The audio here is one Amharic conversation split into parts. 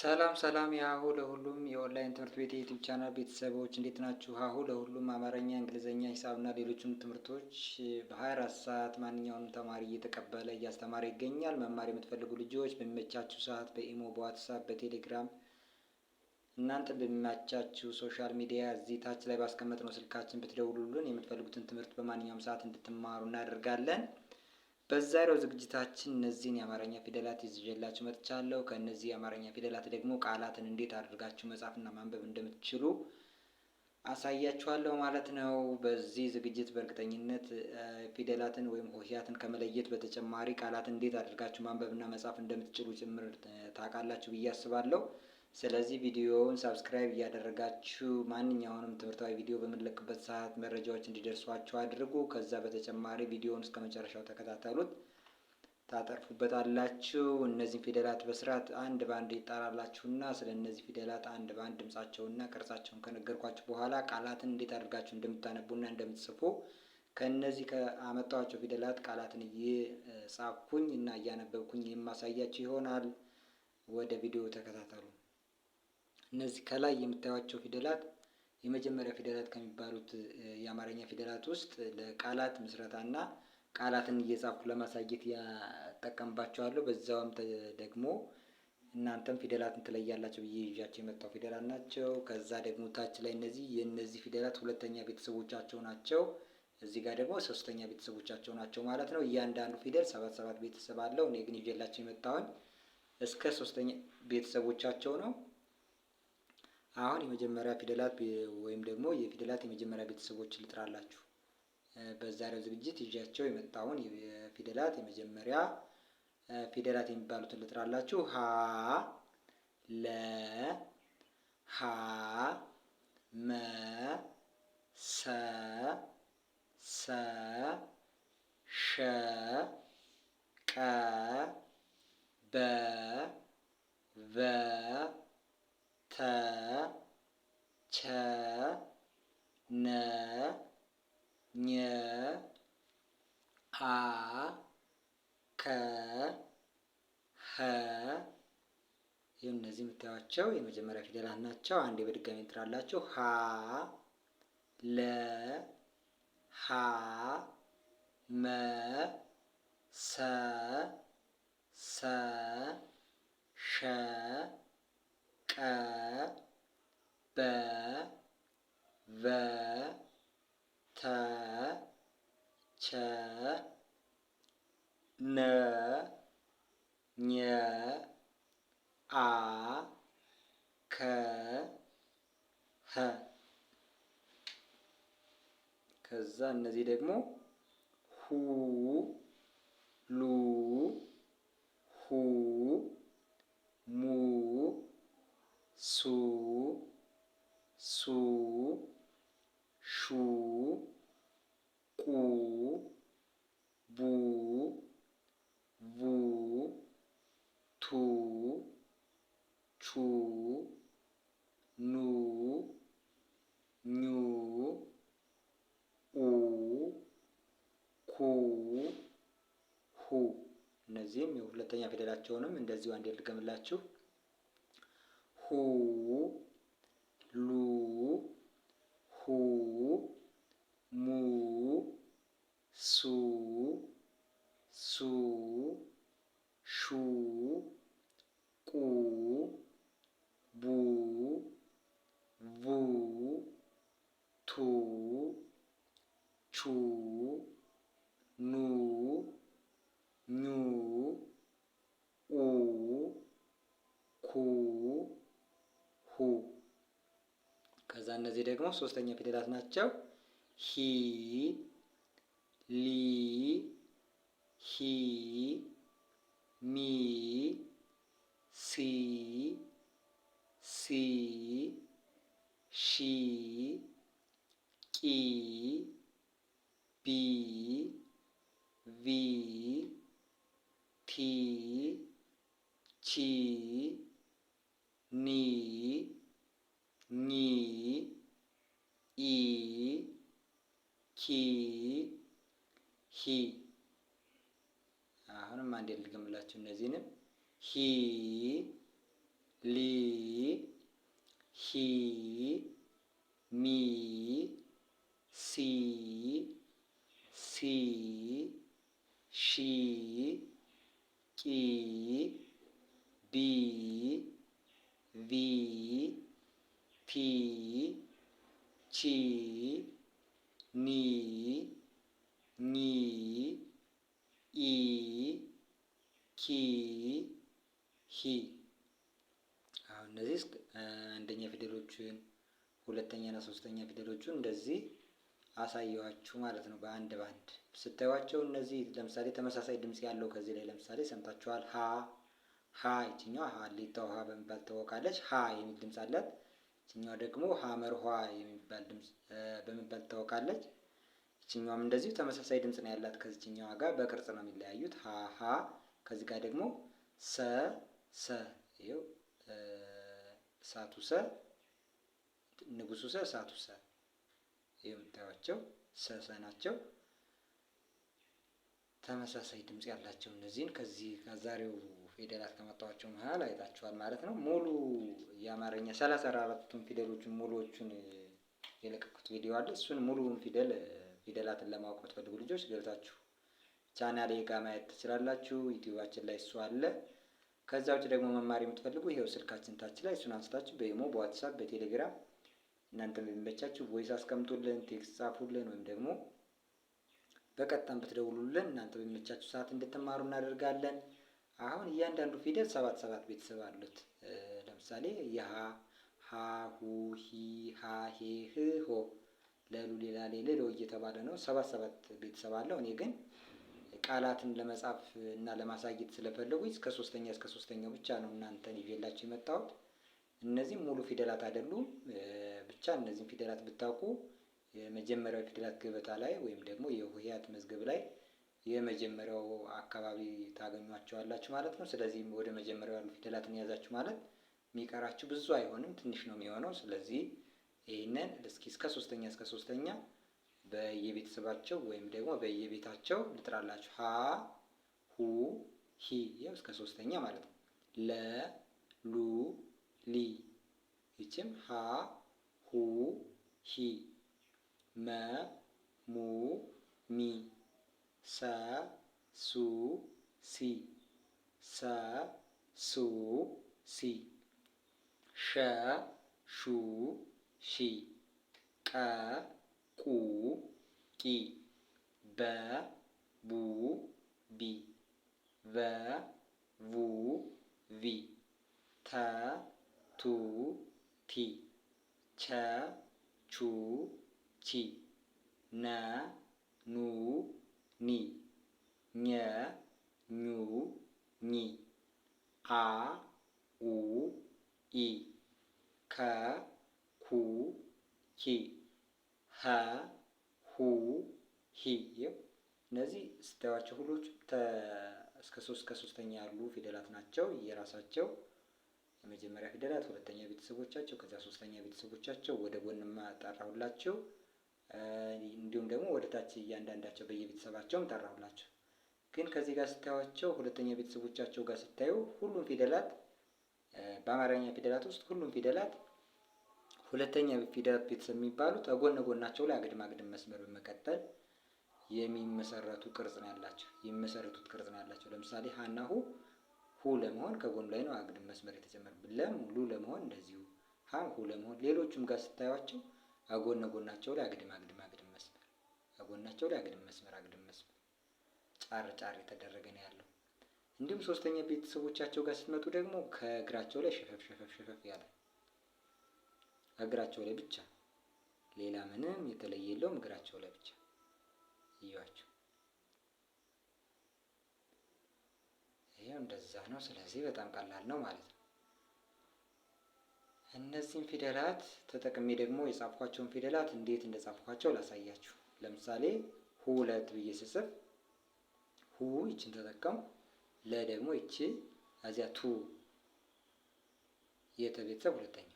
ሰላም ሰላም የሀሁ ለሁሉም የኦንላይን ትምህርት ቤት የዩቲዩብ ቻናል ቤተሰቦች እንዴት ናችሁ? ሀሁ ለሁሉም አማርኛ፣ እንግሊዝኛ፣ ሂሳብና ሌሎችም ትምህርቶች በ24 ሰዓት ማንኛውንም ተማሪ እየተቀበለ እያስተማረ ይገኛል። መማር የምትፈልጉ ልጆች በሚመቻችሁ ሰዓት በኢሞ፣ በዋትሳፕ፣ በቴሌግራም እናንተ በሚመቻችሁ ሶሻል ሚዲያ እዚህ ታች ላይ ባስቀመጥነው ስልካችን ብትደውሉልን የምትፈልጉትን ትምህርት በማንኛውም ሰዓት እንድትማሩ እናደርጋለን። በዛሬው ዝግጅታችን እነዚህን የአማርኛ ፊደላት ይዤላችሁ መጥቻለሁ። ከእነዚህ የአማርኛ ፊደላት ደግሞ ቃላትን እንዴት አድርጋችሁ መጻፍና ማንበብ እንደምትችሉ አሳያችኋለሁ ማለት ነው። በዚህ ዝግጅት በእርግጠኝነት ፊደላትን ወይም ሆሄያትን ከመለየት በተጨማሪ ቃላትን እንዴት አድርጋችሁ ማንበብና መጻፍ እንደምትችሉ ጭምር ታውቃላችሁ ብዬ አስባለሁ። ስለዚህ ቪዲዮውን ሳብስክራይብ እያደረጋችሁ ማንኛውንም ትምህርታዊ ቪዲዮ በምንለቅበት ሰዓት መረጃዎች እንዲደርሷችሁ አድርጉ። ከዛ በተጨማሪ ቪዲዮውን እስከ መጨረሻው ተከታተሉት፣ ታጠርፉበታላችሁ። እነዚህን ፊደላት በስርዓት አንድ በአንድ ይጣራላችሁና ስለ እነዚህ ፊደላት አንድ በአንድ ድምጻቸውና ቅርጻቸውን ከነገርኳችሁ በኋላ ቃላትን እንዴት አድርጋችሁ እንደምታነቡና እንደምትጽፉ ከእነዚህ ከአመጣኋቸው ፊደላት ቃላትን እየጻፍኩኝ እና እያነበብኩኝ የማሳያችሁ ይሆናል። ወደ ቪዲዮ ተከታተሉ። እነዚህ ከላይ የምታዩቸው ፊደላት የመጀመሪያ ፊደላት ከሚባሉት የአማርኛ ፊደላት ውስጥ ለቃላት ምስረታና ቃላትን እየጻፍኩ ለማሳየት ያጠቀምባቸዋለሁ። በዛውም ደግሞ እናንተም ፊደላትን ትለያላቸው ብዬ ይዣቸው የመጣው ፊደላት ናቸው። ከዛ ደግሞ ታች ላይ እነዚህ የእነዚህ ፊደላት ሁለተኛ ቤተሰቦቻቸው ናቸው። እዚህ ጋር ደግሞ ሶስተኛ ቤተሰቦቻቸው ናቸው ማለት ነው። እያንዳንዱ ፊደል ሰባት ሰባት ቤተሰብ አለው። እኔ ግን ይዤላቸው የመጣውን እስከ ሶስተኛ ቤተሰቦቻቸው ነው። አሁን የመጀመሪያ ፊደላት ወይም ደግሞ የፊደላት የመጀመሪያ ቤተሰቦችን ልጥራላችሁ። በዛሬው ዝግጅት ይዣቸው የመጣውን የፊደላት የመጀመሪያ ፊደላት የሚባሉትን ልጥራላችሁ። ሀ ለ ሀ መ ሰ ሰ ሸ ቀ በ በ ተ ቸ ነ ኘ አ ከ ሀ ይህም እነዚህ የምታዩቸው የመጀመሪያ ፊደላት ናቸው። አንዴ በድጋሚ እንጥራላችሁ። ሀ ለ ሀ መ ሰ ሰ ሸ ቀ በ ቨ ተ ቸ ነ ኘ አ ከ ኸ ከዛ እነዚህ ደግሞ ሁ ሉ ሁ mu ሱ ሱ ሹ ቁ ቡ ቡ ቱ ቹ ኑ ኙ ኡ ኩ ሁ እነዚህም የሁለተኛ ፊደላቸውንም እንደዚሁ አንድ ያድርገምላችሁ። ሁ ሉ ሁ ሙ ሱ ሱ ሹ ቁ ቡ ቡ ቱ ቹ ኑ ኙ ኡ እነዚህ ደግሞ ሶስተኛ ፊደላት ናቸው። ሂ ሊ ሂ ሚ ሲ ሲ ሺ ቂ ቢ ቪ ቲ ቺ ኒ ኝ ኢ ኪ ሂ አሁንም አንድ ልድገምላችሁ። እነዚህንም ሂ ሊ ሂ ሚ ሲ ሲ ሺ ቂ ቢ ቪ ፒ ቺ ኒ ኒ ኢ ኪ ሂ። አሁን እነዚህ አንደኛ ፊደሎችን ሁለተኛ እና ሶስተኛ ፊደሎችን እንደዚህ አሳየዋችሁ ማለት ነው። በአንድ በአንድ ስታዩዋቸው እነዚህ ለምሳሌ ተመሳሳይ ድምፅ ያለው ከዚህ ላይ ለምሳሌ ሰምታችኋል። ሀ ሀ፣ ይችኛዋ ሀ ሊታው ሀ በመባል ትታወቃለች። ሀ የሚል ድምፅ አላት። ይችኛዋ ደግሞ ሀመር ኋ የሚባል ድምፅ በመባል ትታወቃለች። ይችኛዋም እንደዚሁ ተመሳሳይ ድምፅ ነው ያላት ከዚችኛዋ ጋር በቅርጽ ነው የሚለያዩት። ሀ ሀ ከዚህ ጋር ደግሞ ሰ ሰ ይኸው እሳቱ ሰ ንጉሱ ሰ እሳቱ ሰ የምታዩቸው ሰሰ ናቸው። ተመሳሳይ ድምፅ ያላቸው እነዚህን ከዚህ ከዛሬው ፊደላት ከመጣኋቸው መሀል አይታችኋል ማለት ነው። ሙሉ የአማርኛ ሰላሳ አራቱን ፊደሎቹን ሙሉዎቹን የለቀኩት ቪዲዮ አለ። እሱን ሙሉውን ፊደል ፊደላትን ለማወቅ የምትፈልጉ ልጆች ገብታችሁ ቻናሌ ጋ ማየት ትችላላችሁ። ዩቲዩባችን ላይ እሱ አለ። ከዛ ውጭ ደግሞ መማር የምትፈልጉ ይሄው ስልካችን ታች ላይ እሱን አንስታችሁ በኢሞ፣ በዋትሳፕ፣ በቴሌግራም እናንተ የሚመቻችሁ ቮይስ አስቀምጡልን፣ ቴክስት ጻፉልን፣ ወይም ደግሞ በቀጥታም ብትደውሉልን እናንተ በሚመቻችሁ ሰዓት እንድትማሩ እናደርጋለን። አሁን እያንዳንዱ ፊደል ሰባት ሰባት ቤተሰብ አሉት። ለምሳሌ የሀ ሀ ሁ ሂ ሀ ሄ ህ ሆ ለሉ ሌላ ሌል ለው እየተባለ ነው። ሰባት ሰባት ቤተሰብ አለው። እኔ ግን ቃላትን ለመጻፍ እና ለማሳየት ስለፈለጉኝ እስከ ሶስተኛ እስከ ሶስተኛው ብቻ ነው እናንተን ይዤላችሁ የመጣሁት። እነዚህም ሙሉ ፊደላት አይደሉም። ብቻ እነዚህም ፊደላት ብታውቁ የመጀመሪያው ፊደላት ገበታ ላይ ወይም ደግሞ የሆሄያት መዝገብ ላይ የመጀመሪያው አካባቢ ታገኟቸዋላችሁ ማለት ነው። ስለዚህ ወደ መጀመሪያው ያሉ ፊደላትን የያዛችሁ ማለት የሚቀራችሁ ብዙ አይሆንም፣ ትንሽ ነው የሚሆነው። ስለዚህ ይህንን እስኪ እስከ ሶስተኛ እስከ ሶስተኛ በየቤተሰባቸው ወይም ደግሞ በየቤታቸው ልጥራላችሁ። ሀ ሁ ሂ ያው እስከ ሶስተኛ ማለት ነው። ለ ሉ ሊ ይችም ሀ ሁ ሂ መ ሙ ሚ sa su si sa su si sha shu shi ka ku ki ba bu bi va vu vi tha thu thi cha chú chi na nu ኒ ኘ ኙ ኚ አ ኡ ኢ ከ ኩ ኪ ሀ ሁ ሂ እነዚህ ስታዩዋቸው ሁሎች እስከ ሶስት ከሶስተኛ ያሉ ፊደላት ናቸው። የራሳቸው የመጀመሪያ ፊደላት፣ ሁለተኛ ቤተሰቦቻቸው፣ ከዚያ ሶስተኛ ቤተሰቦቻቸው ወደ ጎን ማጣራሁላቸው። እንዲሁም ደግሞ ወደ ታች እያንዳንዳቸው በየቤተሰባቸውም ጠራሁላቸው። ግን ከዚህ ጋር ስታዩቸው ሁለተኛ ቤተሰቦቻቸው ጋር ስታዩ ሁሉም ፊደላት በአማርኛ ፊደላት ውስጥ ሁሉም ፊደላት ሁለተኛ ፊደላት ቤተሰብ የሚባሉት ጎን ጎናቸው ላይ አግድም አግድም መስመር በመቀጠል የሚመሰረቱ ቅርጽ ነው ያላቸው የሚመሰረቱት ቅርጽ ነው ያላቸው። ለምሳሌ ሀና ሁ ሁ ለመሆን ከጎኑ ላይ ነው አግድም መስመር የተጨመረ። ለም ሉ ለመሆን እንደዚሁ ሀ ሁ ለመሆን ሌሎቹም ጋር ስታዩቸው አጎነ ጎናቸው ላይ አግድም አግድም አግድም መስመር አጎናቸው ላይ አግድም መስመር አግድም መስመር ጫር ጫር የተደረገ ነው ያለው። እንዲሁም ሶስተኛ ቤተሰቦቻቸው ጋር ስትመጡ ደግሞ ከእግራቸው ላይ ሸፈፍ ሸፈፍ ሸፈፍ ያለ እግራቸው ላይ ብቻ ሌላ ምንም የተለየ የለውም። እግራቸው ላይ ብቻ እያቸው ይሄ እንደዛ ነው። ስለዚህ በጣም ቀላል ነው ማለት ነው። እነዚህን ፊደላት ተጠቅሜ ደግሞ የጻፍኳቸውን ፊደላት እንዴት እንደጻፍኳቸው ላሳያችሁ። ለምሳሌ ሁለት ብዬ ስጽፍ ሁ ይችን ተጠቀሙ። ለ ደግሞ ይቺ እዚያ ቱ የተቤተሰብ ሁለተኛው።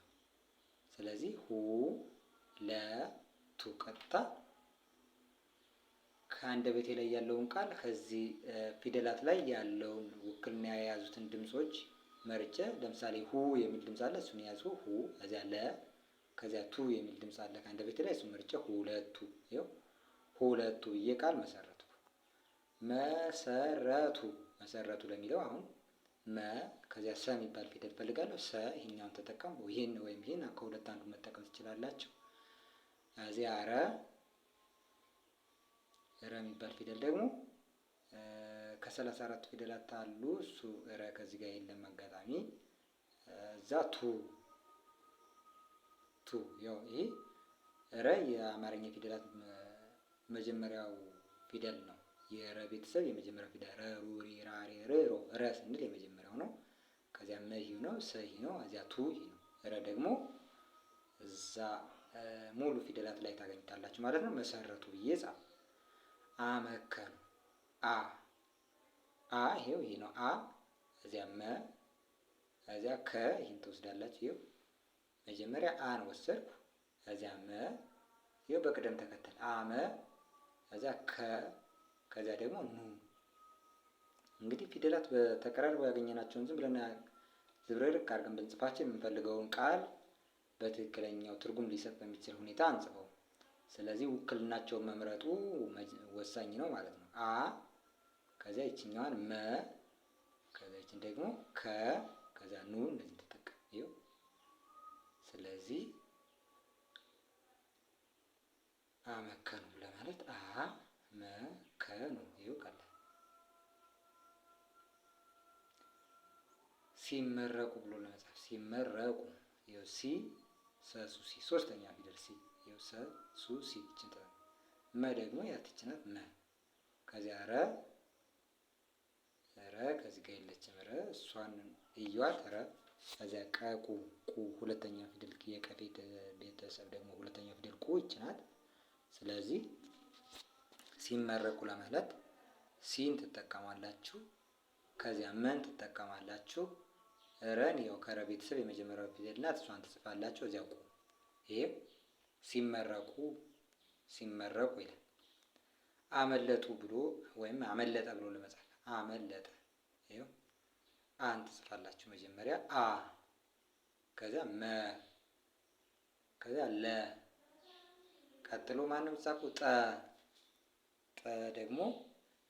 ስለዚህ ሁ ለ ቱ ቀጥታ ከአንድ ከአንደበቴ ላይ ያለውን ቃል ከዚህ ፊደላት ላይ ያለውን ውክልና የያዙትን ድምፆች መርጨ ለምሳሌ ሁ የሚል ድምፅ አለ። እሱን ያዙ ሁ። ከዚያ ለ፣ ከዚያ ቱ የሚል ድምፅ አለ ከአንደበቴ ላይ። እሱ መርጨ ሁለቱ፣ ይኸው ሁለቱ ብዬ ቃል መሰረቱ። መሰረቱ መሰረቱ ለሚለው አሁን መ ከዚያ ሰ የሚባል ፊደል ፈልጋለሁ። ሰ ይህኛውን ተጠቀሙ። ይህን ወይም ይህን ከሁለት አንዱ መጠቀም ትችላላቸው። ከዚያ ረ ረ የሚባል ፊደል ደግሞ ከሰላሳ አራት ፊደላት አሉ። እሱ ረ ከዚህ ጋር የለም አጋጣሚ። እዛ ቱ ቱ ያው ይሄ ረ የአማርኛ ፊደላት መጀመሪያው ፊደል ነው። የረ ቤተሰብ የመጀመሪያው ፊደል ረ ሩሪ ራሬ ረ ሮ ረ ስንል የመጀመሪያው ነው። ከዚያ መሂ ነው ሰሂ ነው። እዚያ ቱ ይሄ ነው። ረ ደግሞ እዛ ሙሉ ፊደላት ላይ ታገኝታላችሁ ማለት ነው። መሰረቱ ብዬ ጻፍ አመከኑ አ አ ይሄው ይሄ ነው አ እዚያ መ እዚያ ከ ይህን ትወስዳላችሁ። ይኸው መጀመሪያ አን ወሰድኩ እዚያ መ ይኸው በቅደም ተከተል አመ እዚያ ከ ከዚያ ደግሞ ኑ። እንግዲህ ፊደላት በተቀራርበው ያገኘናቸውን ዝም ብለን ዝብርርቅ አድርገን ብንጽፋቸው የምንፈልገውን ቃል በትክክለኛው ትርጉም ሊሰጥ በሚችል ሁኔታ አንጽፈው። ስለዚህ ውክልናቸውን መምረጡ ወሳኝ ነው ማለት ነው አ ከዚያ ይችኛዋን መ ከዚያ ይችን ደግሞ ከ ከዚያ ኑ እንደዚህ ተጠቀም። ይኸው ስለዚህ አመከኑ ለማለት አ መ ከ መከኑ ይኸው ቃል ሲመረቁ ብሎ ለመጻፍ ሲመረቁ ይኸው ሲ ሰሱ ሲ ሶስተኛ ፊደል ሲ ይኸው ሰሱ ሲ ይችን መ ደግሞ ያትችናት መ ከዚያ ረ ረ ከዚህ ጋር የለችም። ረ እሷን እያዋት ረ ከዚያ ቀ ቁ ቁ ሁለተኛ ፊደል የቀ ቤተሰብ ደግሞ ሁለተኛ ፊደል ቁ ይች ናት። ስለዚህ ሲመረቁ ለማለት ሲን ትጠቀማላችሁ፣ ከዚያ መን ትጠቀማላችሁ። ረን ያው ከረ ቤተሰብ የመጀመሪያው ፊደል ናት፣ እሷን ትጽፋላችሁ። እዚያ ቁ ይሄ ሲመረቁ ሲመረቁ ይላል። አመለጡ ብሎ ወይም አመለጠ ብሎ ለመጻፍ አመለጠ። ይኸው አንድ ጽፋላችሁ መጀመሪያ አ ከዚያ መ ከዚያ ለ ቀጥሎ ማንም ጻፉ ጠ ጠ ደግሞ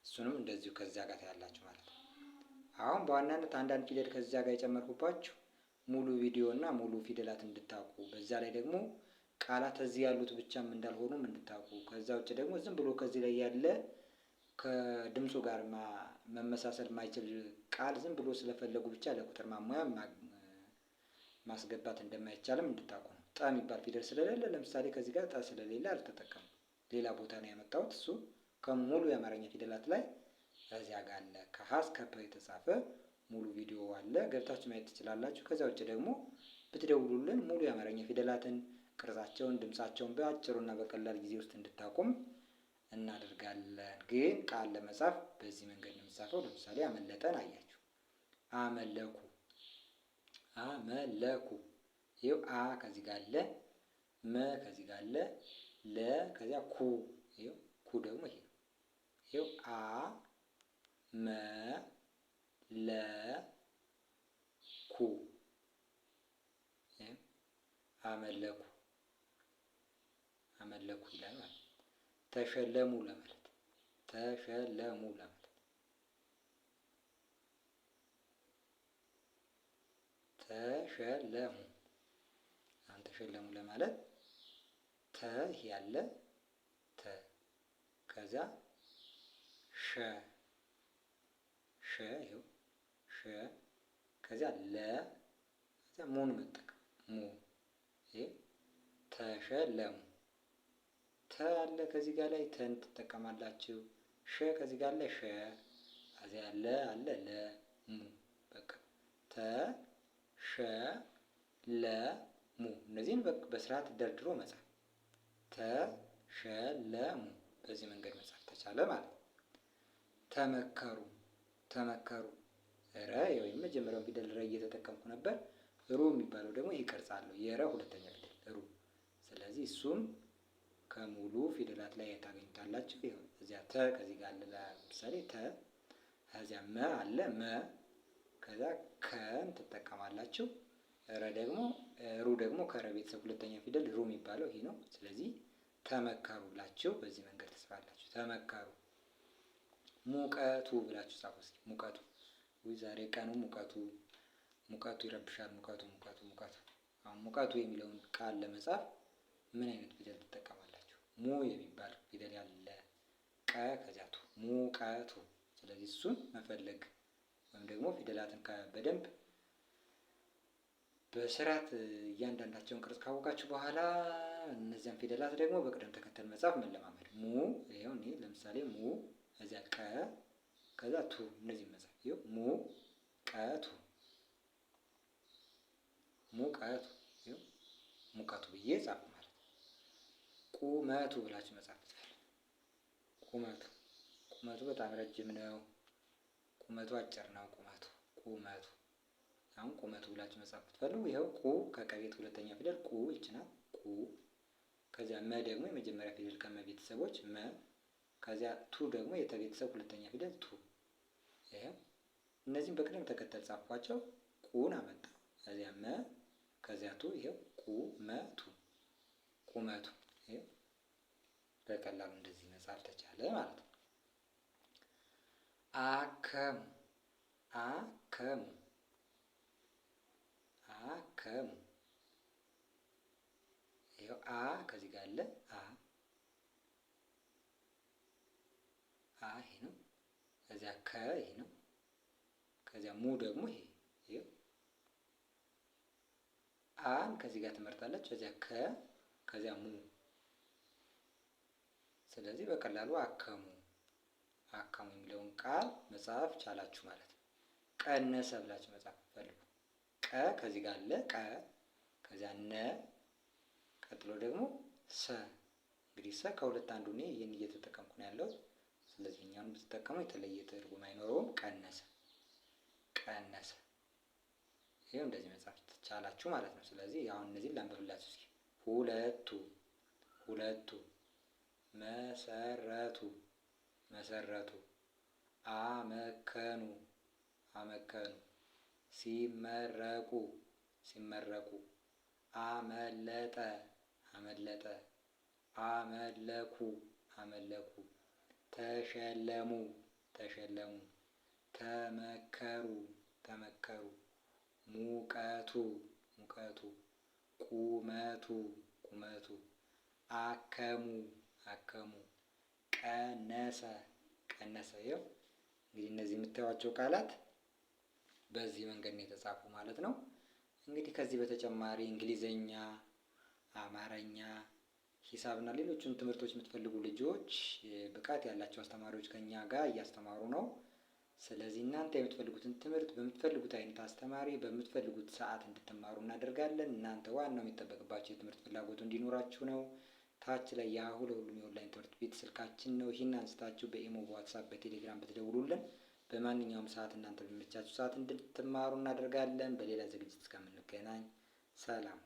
እሱንም እንደዚሁ ከዚያ ጋር ታያላችሁ ማለት ነው። አሁን በዋናነት አንዳንድ ፊደል ከዚያ ጋር የጨመርኩባችሁ ሙሉ ቪዲዮ እና ሙሉ ፊደላት እንድታውቁ በዛ ላይ ደግሞ ቃላት እዚህ ያሉት ብቻም እንዳልሆኑም እንድታውቁ ከዛ ውጭ ደግሞ ዝም ብሎ ከዚህ ላይ ያለ ከድምፁ ጋር መመሳሰል የማይችል ቃል ዝም ብሎ ስለፈለጉ ብቻ ለቁጥር ማሟያ ማስገባት እንደማይቻልም እንድታውቁ ነው። ጠ የሚባል ፊደል ስለሌለ ለምሳሌ ከዚህ ጋር ጠ ስለሌለ አልተጠቀሙ ሌላ ቦታ ነው ያመጣሁት። እሱ ከሙሉ የአማርኛ ፊደላት ላይ እዚያ ጋር አለ። ከሀስ ከፐ የተጻፈ ሙሉ ቪዲዮ አለ፣ ገብታችሁ ማየት ትችላላችሁ። ከዚያ ውጭ ደግሞ ብትደውሉልን ሙሉ የአማርኛ ፊደላትን ቅርጻቸውን፣ ድምፃቸውን በአጭሩና በቀላል ጊዜ ውስጥ እንድታቁም እናደርጋለን። ግን ቃል ለመጻፍ በዚህ መንገድ ነው የምንጻፈው። ለምሳሌ አመለጠን አያችሁ፣ አመለኩ፣ አመለኩ። ይኸው አ ከዚህ ጋር አለ፣ መ ከዚህ ጋር አለ፣ ለ ከዚያ ኩ። ይኸው ኩ ደግሞ ይሄ ይኸው አ መ ለ ኩ አመለኩ አመለኩ ይላል ማለት ነው። ተሸለሙ ለማለት ተሸለሙ ለማለት ተሸለሙ አሁን ተሸለሙ ለማለት ተ ያለ ተ ከዛ ሸ ሸ ይኸው ሸ ከዚያ ለ ከዚያ ሙን መጠቀም ሙ ተሸለሙ ተ አለ ከዚህ ጋር ላይ ተን ትጠቀማላችሁ። ሸ ከዚህ ጋር ላይ ሸ አዚ ያለ አለ ለ ሙ በቃ ተ ሸ ለ ሙ እነዚህን በስርዓት ደርድሮ መጻፍ ተ ሸ ለ ሙ በዚህ መንገድ መጻፍ ተቻለ ማለት ነው። ተመከሩ ተመከሩ ረ ወይም መጀመሪያውን ፊደል ረ እየተጠቀምኩ ነበር። ሩ የሚባለው ደግሞ ይህ ቅርጽ አለው። የረ ሁለተኛ ፊደል ሩ። ስለዚህ እሱም ከሙሉ ፊደላት ላይ ታገኙታላችሁ። እዚያ ተ ከዚህ ጋር አለ። ለምሳሌ ተ ከዚያ መ አለ መ ከዛ ከን ትጠቀማላችሁ። ረ ደግሞ ሩ ደግሞ ከረ ቤተሰብ ሁለተኛ ፊደል ሩ የሚባለው ይሄ ነው። ስለዚህ ተመከሩላችሁ። በዚህ መንገድ ትጽፋላችሁ። ተመከሩ። ሙቀቱ ብላችሁ ጻፉ። እስኪ ሙቀቱ ዛሬ ቀኑ ሙቀቱ ሙቀቱ ይረብሻል። ሙቀቱ ሙቀቱ ሙቀቱ አሁን ሙቀቱ የሚለውን ቃል ለመጻፍ ምን አይነት ፊደል ትጠቀማላችሁ? ሙ የሚባል ፊደል ያለ ቀ ከዚያ ቱ ሙቀቱ። ስለዚህ እሱን መፈለግ ወይም ደግሞ ፊደላትን በደንብ በስርዓት እያንዳንዳቸውን ቅርጽ ካወቃችሁ በኋላ እነዚያን ፊደላት ደግሞ በቅደም ተከተል መጻፍ መለማመድ። ሙ ይኸው እኔ ለምሳሌ ሙ እዚያ ቀ ከዛ ቱ እነዚህ መጻፍ ይኸው ሙ ቀ ቱ ሙ ቀ ይኸው ሙቀቱ ብዬ ጻፍ ቁመቱ ብላችሁ መጻፍ ትችላላችሁ። ቁመቱ ቁመቱ በጣም ረጅም ነው፣ ቁመቱ አጭር ነው፣ ቁመቱ ቁመቱ አሁን ቁመቱ ብላችሁ መጻፍ ብትፈልጉ ይኸው ቁ ከቀቤት ሁለተኛ ፊደል ቁ ይችና ቁ። ከዚያ መ ደግሞ የመጀመሪያ ፊደል ከመ ቤተሰቦች መ። ከዚያ ቱ ደግሞ የተቤተሰብ ሁለተኛ ፊደል ቱ። ይኸው እነዚህም በቅደም ተከተል ጻፏቸው። ቁን አመጣ፣ ከዚያ መ፣ ከዚያ ቱ። ይኸው ቁ መ ቱ ቁመቱ በቀላሉ እንደዚህ መጻፍ ተቻለ ማለት ነው። አከም አከም አከም ይኸው አ ከዚህ ጋር አለ አ አ ይሄ ነው። ከዚያ ከ ይሄ ነው። ከዚያ ሙ ደግሞ ይሄ ይኸው አን ከዚህ ጋር ትመርጣለች። ከዚያ ከ ከዚያ ሙ ስለዚህ በቀላሉ አከሙ አከሙ የሚለውን ቃል መጽሐፍ ቻላችሁ ማለት ነው። ቀነሰ ብላችሁ መጽሐፍ ፈልጉ። ቀ ከዚህ ጋር አለ ቀ፣ ከዚያ ነ፣ ቀጥሎ ደግሞ ሰ። እንግዲህ ሰ ከሁለት አንዱ እኔ ይህን እየተጠቀምኩ ነው ያለው። ስለዚህ እኛውን ብትጠቀመው የተለየ ትርጉም አይኖረውም። ቀነሰ ቀነሰ። ይኸው እንደዚህ መጽሐፍ ትቻላችሁ ማለት ነው። ስለዚህ አሁን እነዚህን ላንብብላችሁ እስኪ ሁለቱ ሁለቱ መሰረቱ መሰረቱ አመከኑ አመከኑ ሲመረቁ ሲመረቁ አመለጠ አመለጠ አመለኩ አመለኩ ተሸለሙ ተሸለሙ ተመከሩ ተመከሩ ሙቀቱ ሙቀቱ ቁመቱ ቁመቱ አከሙ አከሙ፣ ቀነሰ ቀነሰ። ይኸው እንግዲህ እነዚህ የምታዩቸው ቃላት በዚህ መንገድ ነው የተጻፉ ማለት ነው። እንግዲህ ከዚህ በተጨማሪ እንግሊዘኛ፣ አማረኛ፣ ሂሳብና ሌሎችን ትምህርቶች የምትፈልጉ ልጆች ብቃት ያላቸው አስተማሪዎች ከኛ ጋር እያስተማሩ ነው። ስለዚህ እናንተ የምትፈልጉትን ትምህርት በምትፈልጉት አይነት አስተማሪ በምትፈልጉት ሰዓት እንድትማሩ እናደርጋለን። እናንተ ዋናው የሚጠበቅባቸው የትምህርት ፍላጎቱ እንዲኖራችሁ ነው። ታች ላይ የአሁ ለሁሉም የኦንላይን ትምህርት ቤት ስልካችን ነው። ይህን አንስታችሁ በኢሞ፣ በዋትሳፕ፣ በቴሌግራም ብትደውሉልን በማንኛውም ሰዓት እናንተ በሚመቻችሁ ሰዓት እንድትማሩ እናደርጋለን። በሌላ ዝግጅት እስከምንገናኝ ሰላም።